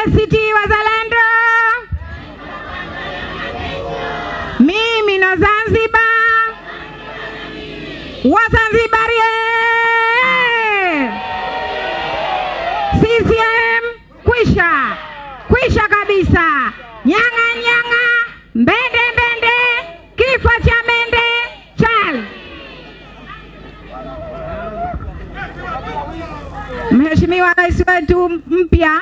ACT Wazalendo, mimi na Zanzibar, Wazanzibari CCM kwisha kwisha kabisa. Nyang'a nyang'a, mbende mbende, kifo cha mende chali. Mheshimiwa Rais wetu mpya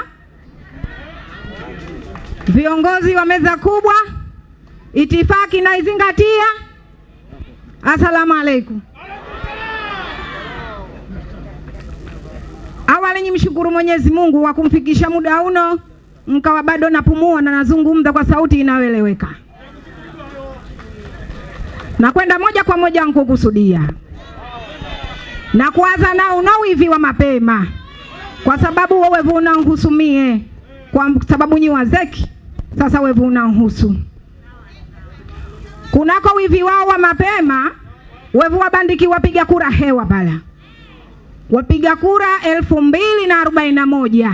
Viongozi wa meza kubwa, itifaki na izingatia. Asalamu alaikum. Awali ni mshukuru Mwenyezi Mungu wa kumfikisha muda uno, mkawa bado napumua na nazungumza kwa sauti inayoeleweka. Nakwenda moja kwa moja nkukusudia na kuwaza nao unawivi wa mapema, kwa sababu wewe vuna kwa sababu nyi wazeki sasa wevu unahusu kunako wivi wao wa mapema wevu wabandiki wapiga kura hewa bala wapiga kura elfu mbili na arobaini na moja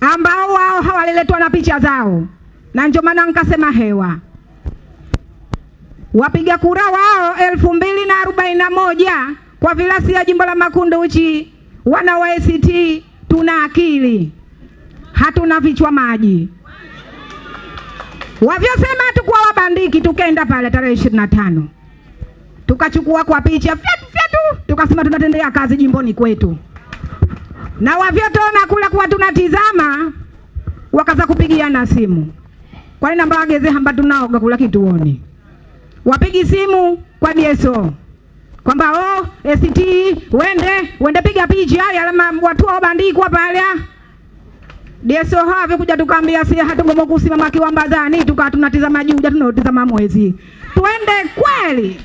ambao wao hawaliletwa na picha zao, na ndio maana nikasema hewa. Wapiga kura wao elfu mbili na arobaini na moja kwa vilasi ya jimbo la Makunduchi, wana wa ACT tuna akili hatuna vichwa maji. Wavyosema tukua wabandiki, tukenda pale tarehe ishirini na tano tukachukua kwa picha fyatu fyatu, tukasema tunatendea kazi jimboni kwetu, na wavyotona kula kuwa tunatizama, wakaza kupigiana simu, kwani namba wageze hamba tunaoga kula kituoni, wapigi simu kwa DSO kwamba oh, ACT wende wende piga picha, alama watu wabandikwa pale DSO kuja tukaambia si hatugomo kusimama kiwambazani, tukawa tunatizama juu, tunatizama mwezi. Twende kweli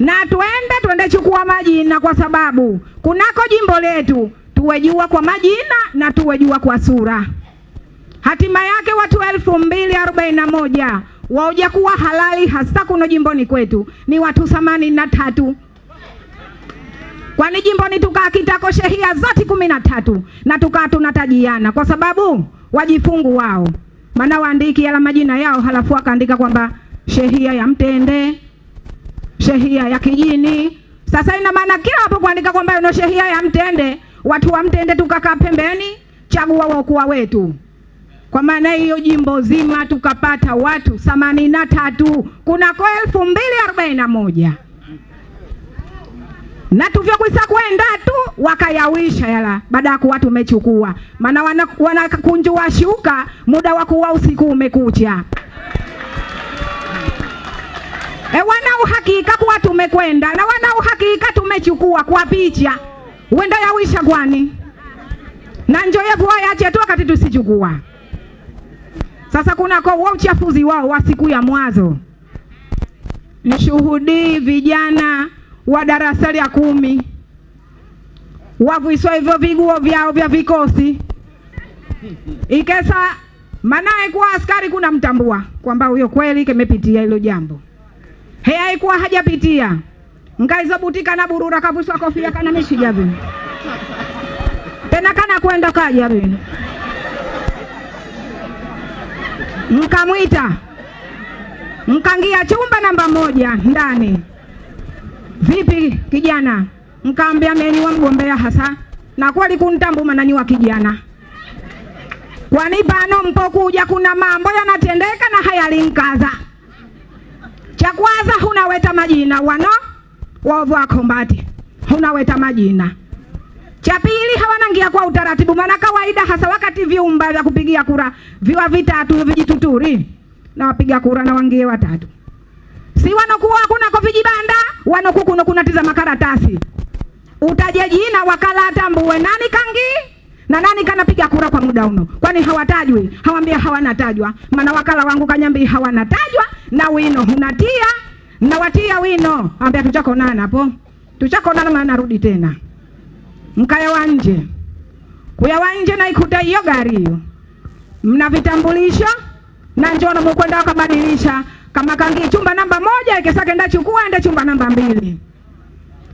na twende twende chukua majina, kwa sababu kunako jimbo letu tuwejua kwa majina na tuwejua kwa sura. Hatima yake watu elfu mbili arobaini na moja wauja kuwa halali hasa kuno jimboni kwetu ni watu themanini na tatu kwani jimboni tukaa kitako shehia zati kumi na tatu na tukaa tunatajiana kwa sababu wajifungu wao, maana waandiki yala majina yao, halafu akaandika kwamba shehia ya Mtende, shehia ya Kijini. Sasa ina maana kila hapo kuandika kwamba yuno shehia ya Mtende, watu wa Mtende tukakaa pembeni, chagua waokuwa wetu. Kwa maana hiyo jimbo zima tukapata watu themanini na tatu kunako elfu mbili arobaini na moja na tuvyokwisa kwenda tu wakayawisha yala, baada ya kuwa tumechukua, maana wanakunjua wana shuka, muda wa kuwa usiku umekucha. E, wana uhakika kuwa tumekwenda na wana uhakika tumechukua kwa picha, uenda yawisha kwani na njoyevua yache tu wakati tusichukua. Sasa kunako wa uchafuzi wao wa siku ya mwazo, mshuhudii vijana wa darasa la kumi waviswa hivyo viguo vyao vya vikosi ikesa manaye kuwa askari kuna mtambua kwamba huyo kweli kimepitia hilo jambo heaikuwa hajapitia nkaizobutika na burura kaviswa kofia kana mishiga vinu tena kana kwenda kaja vinu nkamwita nkangia chumba namba moja ndani Vipi kijana? Nkaambia meniwa mgombea hasa na kweli kunitambuma nanyuwa kijana kwani pano mpokuja kuna mambo yanatendeka na hayalinkaza. Cha kwanza hunaweta majina wano waovu wakombati, hunaweta majina. Cha pili hawanangia kwa utaratibu, maana kawaida hasa wakati vyumba vya kupigia kura viwa vitatu vijituturi na wapiga kura na wangie watatu si wanokuwa kunako vijibanda wanoku kuno kunatiza makaratasi utaje jina wakala wakalatambuwe nani kangi na nani kanapiga kura kwa muda uno, kwani hawatajwi? Hawambia hawanatajwa, maana wakala wangu kanyambi hawanatajwa na wino unatia na watia wino, ambia tuchakonana hapo, tuchakonana maana narudi tena mkaya wa nje kuya wa nje na ikuta hiyo gari hiyo mna vitambulisho na njoo na mukwenda wakabadilisha kama kangi chumba namba moja ikisake kenda chukua ende chumba namba mbili.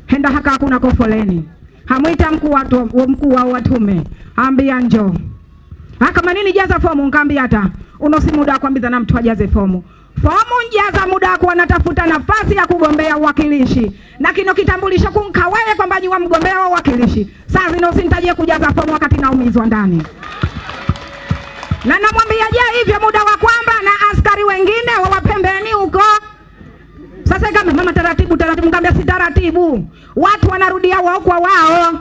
Henda haka hakuna kofoleni. Hamwita mkuu wa mkuu wa watume. Ambia njoo. Haka ah, nini jaza fomu nkaambia hata unosi muda wa kuambiza na mtu ajaze fomu. Fomu njaza muda kwa natafuta nafasi ya kugombea uwakilishi. Na kino kitambulisho kunka wewe kwamba ni wa mgombea wa uwakilishi. Sasa ndio sintaje kujaza fomu wakati naumizwa ndani. Na namwambia je hivyo muda wa kwamba na askari wengine wa sasa kama mama, taratibu taratibu, nikamwambia si taratibu. Watu wanarudia wao kwa wao.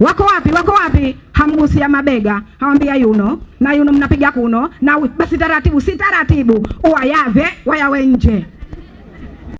Wako wapi? Wako wapi? Hamgusia mabega. Hawambia yuno na yuno mnapiga kuno na basi taratibu, si taratibu, uwayave wayawe nje.